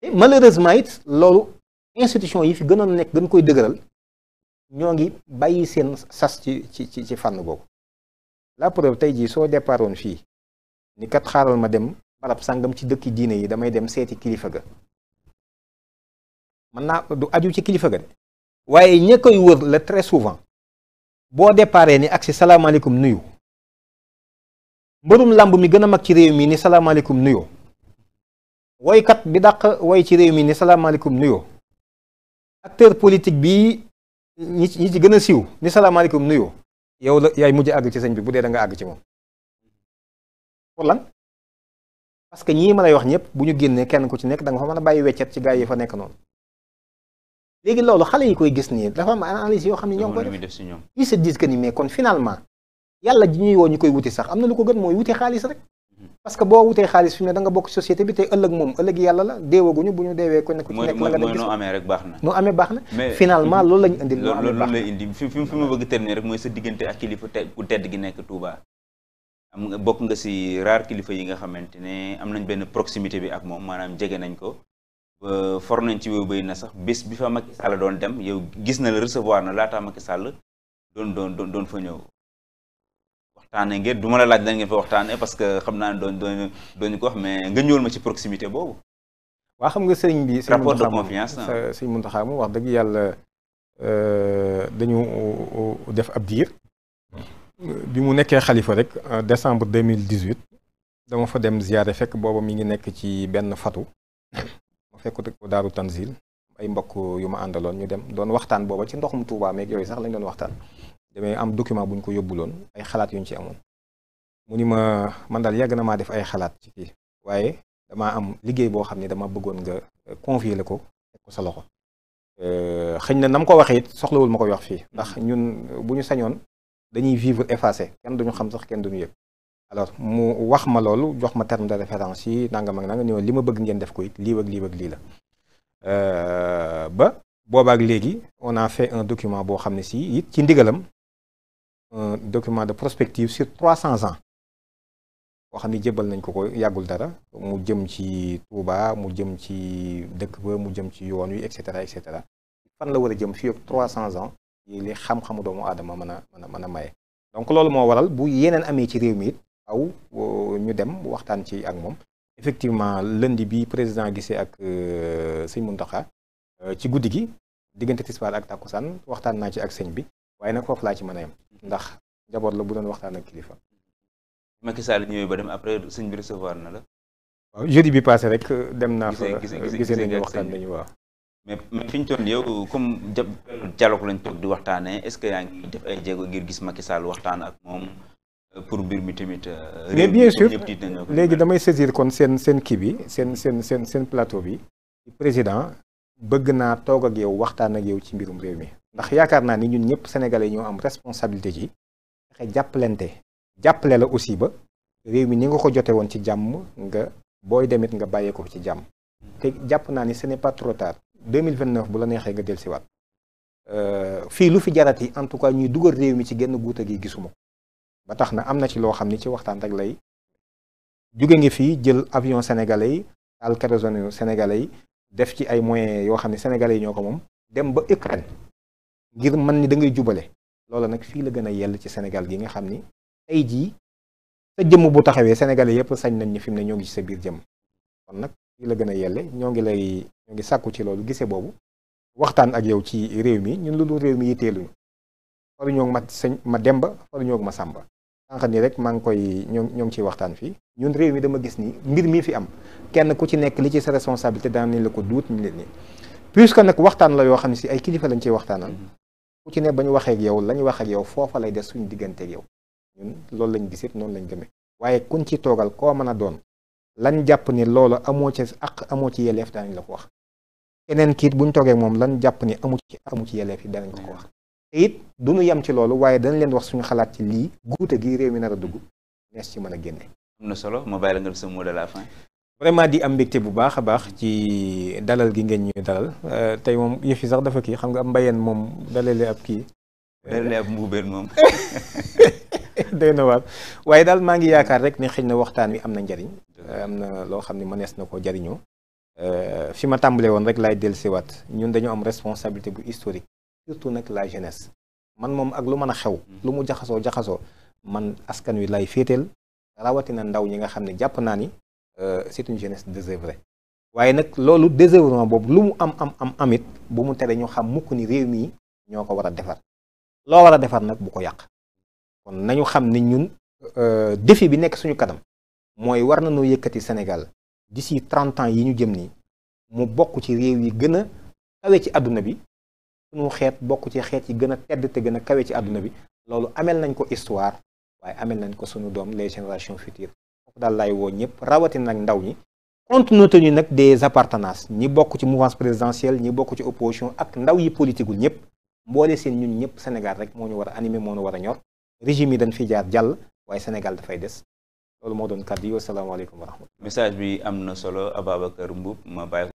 te malheureusement it loolu institution yi fi gënoon nekk gën koy dëgëral ñoo ngi bàyyi seen sas ci ci ci ci fànn googu la tey jii soo départoon fii ni kat xaaral ma dem barab sàngam ci dëkki diine yi damay dem seeti kilifa ga mën naa du aju ci kilifa ga de waaye ña koy wër la très souvent boo déparee ni ak si salaamaaleykum nuyu mbërum làmb mi gën a mag ci réew mi ni salaamaaleykum nuyoo woykat bi daq woy ci réew mi ni salaamaaleykum nuyoo acteur politique bi ñi ci ñi ci gën a siiw ni salaamaaleykum nuyoo yaw la yaay mujj àgg ci sëñ bi bu dee da nga àgg ci moom pour lan parce ñii ma lay wax ñëpp bu ñu génnee kenn ku ci nekk da nga fa mën a bàyyi weccet ci gaay yi fa nekk noonu léegi loolu xale yi koy gis nii dafa am analyse yoo xam ne ñoo ngi koy def ils se disent que ni mais kon finalement yàlla ji ñuy woo ñu koy wuti sax am na lu ko gën mooy wuti xaalis parce que boo wutee xaalis fi ne da nga bokk société bi tey ëllëg moom ëllëg yàlla la deewaguñu bu ñu deewee ku nekk la nga dem gis noo amee rek baax na noo amee baax na finalement loolu lañu indil noo amee baax na loolu la indi fi fi ma bëgg terminer rek mooy sa diggante ak kilifa tedd gi nekk Touba am nga bokk nga si raar kilifa yi nga xamante ne am nañ benn proximité bi ak moom maanaam jege nañ ko ba for nañ ci wéy bay na sax bis bi fa Macky Sall doon dem yow gis na la recevoir na laataa Macky Sall doon doon doon fa ñëw waxtaanee ngeen du ma la laaj dañ ngi fa waxtaanee parce que xam naa ne doon dooñu ko wax mais nga ñëwal ma ci proximité boobu. waa xam nga sëriñ bi. rapport de confiance sëriñ Muntaxa moom wax dëgg yàlla euh, dañu euh, def ab diir. bi mu nekkee xalifa rek décembre deux mille dix huit dama fa dem ziyaare fekk booba mi ngi nekk ci benn fatu. ma fekk ko daaru Tanzil ay mbokk yu ma àndaloon ñu dem doon waxtaan booba ci ndoxum tuubaa meeg yooyu sax lañ doon waxtaan. damay am document bu ñu ko yóbbuloon ay xalaat yu ci amoon mu ni ma man daal yàgg na maa def ay xalaat ci fii waaye damaa am liggéey boo xam ne dama bëggoon nga euh, confier la ko teg ko sa loxo euh, xëñ na nam ko waxee it soxlawul ma koy wax fii ndax mm-hmm. ñun euh, bu ñu sañoon dañuy vivre effacé kenn duñu xam sax kenn duñu yëg alors mu wax ma loolu jox ma terme de référence yi nangam mag nanga ni li ma bëgg ngeen def ko it lii ak lii ak lii la ba boobaak léegi on a fait boo xam ne si it ci ndigalam un document de prospective sur 300 ans boo xam ne jébbal nañ ko ko yàggul dara mu jëm ci Touba mu jëm ci dëkk ba mu jëm ci yoon wi et cetera et cetera fan la war a jëm fii trois 300 ans yi li xam-xamu doomu aadama mën a mën a mën a maye. donc loolu moo waral bu yeneen amee ci réew mi it aw euh, ñu dem waxtaan ci ak moom effectivement lënd bi président gisee ak euh, sëñ Mountakha euh, ci guddi gi diggante tisbaar ak takkusaan waxtaan naa ci ak sëñ bi. waaye nag foofu laa ci mën a ndax njaboot la bu doon waxtaan ak kilifa. Macky Sall ñëwee ba dem après sëñ bi recevoir na la. waaw jeudi bi passé rek euh, dem naa fa gisee nañu waxtaan nañu waaw. mais mais fi ñu toll yow comme dialogue lañ toog di waxtaanee est-ce que yaa ngi def ay jéego ngir gis Macky Sall waxtaan ak moom euh, pour mbir mi tamit. Euh, mais bien sûr léegi damay saisir kon seen seen kii bi seen seen seen seen plateau bi. président bëgg naa toog ak yow waxtaan ak yow ci mbirum réew mi. ndax yaakaar naa ni ñun ñëpp sénégalais ñoo am responsabilité ci fexe jàppalante jàppale la aussi ba réew mi ni nga ko jote woon ci jàmm nga booy demit nga bàyyee ko ci jàmm te jàpp naa ni ce n'est pas trop tard 2029 bu la neexee nga del siwaat euh, fii lu fi jarat yi en tout cas ñuy dugal réew mi ci genn guuta gi gisuma ko ba tax na am na ci loo xam ni ci waxtaan rek lay jóge ngi fii jël avion sénégalais yi taal kérosène sénégalais yi def ci ay moyens yoo xam ne sénégalais yi ñoo ko moom dem ba Ukraine ngir man ni da ngay jubale loola nag fii la gën a yell ci senegal gi nga xam ni ay jii sa jëmm bu taxawee Sénégalais yépp sañ nañ ni fim mu ne ñoo ngi ci sa biir jëmm kon nag fii la gën a yelle ñoo ngi lay ñoo ngi sàkku ci loolu gisee boobu waxtaan ak yow ci réew mi ñun lu dul réew mi yitteeluñu faruñoo ma sëñ ma Demba faruñoo ma Sàmba sànq nii rek maa ngi koy ñoo ñoo ciy waxtaan fii ñun réew mi dama gis ni mbir mi fi am kenn ku ci nekk li ci sa responsabilité daan la ko duut ñu leen nii puisque nag waxtaan la yoo xam ne si ay kilifa lañ ciy waxtaanal ku ci ne ba ñu waxee ak yow la ñu wax ak yow foofa lay def suñu diggante ak yow ñun loolu lañ gisit noonu lañ gëmee waaye kuñ ci toogal koo mën a doon lañ jàpp ni loolu amoo ci ak amoo ci yeleef danañ la ko wax keneen kiit buñ toogee moom lan jàpp ni amu ci amu ci yeleef yi danañ ko ko wax te it duñu yem ci loolu waaye danañ leen wax suñu xalaat ci lii guute gi réew mi nar dugg nees ci mën a génne am na solo ma bàyyi la nga sa de la fin vraiment di am mbégte bu baax a baax ci dalal gi ngeen ñuy dalal euh, tey moom yëf fi sax dafa kii xam nga mbayeen moom dalale ab kii. dalale ab mbuubeen moom. day na waar waaye daal maa ngi yaakaar rek ne xëy na waxtaan wi am na njariñ euh, am na loo xam ne mënees na ko jariñoo euh, fi ma tàmbale woon rek laay dellusiwaat ñun dañoo am responsabilité bu historique surtout nag la jeunesse man moom ak lu mën a xew mm-hmm. lu mu jaxasoo jaxasoo man askan wi lay féeteel rawatina ndaw ñi nga xam ne jàpp naa ni Euh, c'est une jeunesse désœuvrée waaye nag loolu désœuvrement boobu lu mu am am am amit bu mu tere ñu xam mukk ni réew mii ñoo ko war a defar loo war a defar nag bu ko yàq kon nañu xam ni ñun euh, défi bi nekk suñu kanam mooy war nanu yëkkati Sénégal d'ici trente ans yi ñu jëm nii mu bokk ci réew yi gën a kawe ci àdduna bi suñu xeet bokk ci xeet yi gën a tedd te gën a kawe ci àdduna bi loolu amel nañ ko histoire waaye ameel nañ ko suñu doom les générations futures daal lay woo ñëpp rawatina nag ndaw ñi compte tenu nag des appartenances ñi bokk ci mouvance présidentielle ñi bokk ci opposition ak ndaw yi politiqueul ñëpp mboole seen ñun ñëpp Sénégal rek moo ñu war a animé moo ñu war a ñor régime yi dañ fi jaar jàll waaye Sénégal dafay des loolu moo doon kàddu yi wasalaamaaleykum wa rahmatulah. message am na solo Ababacar Mboup ma bàyyi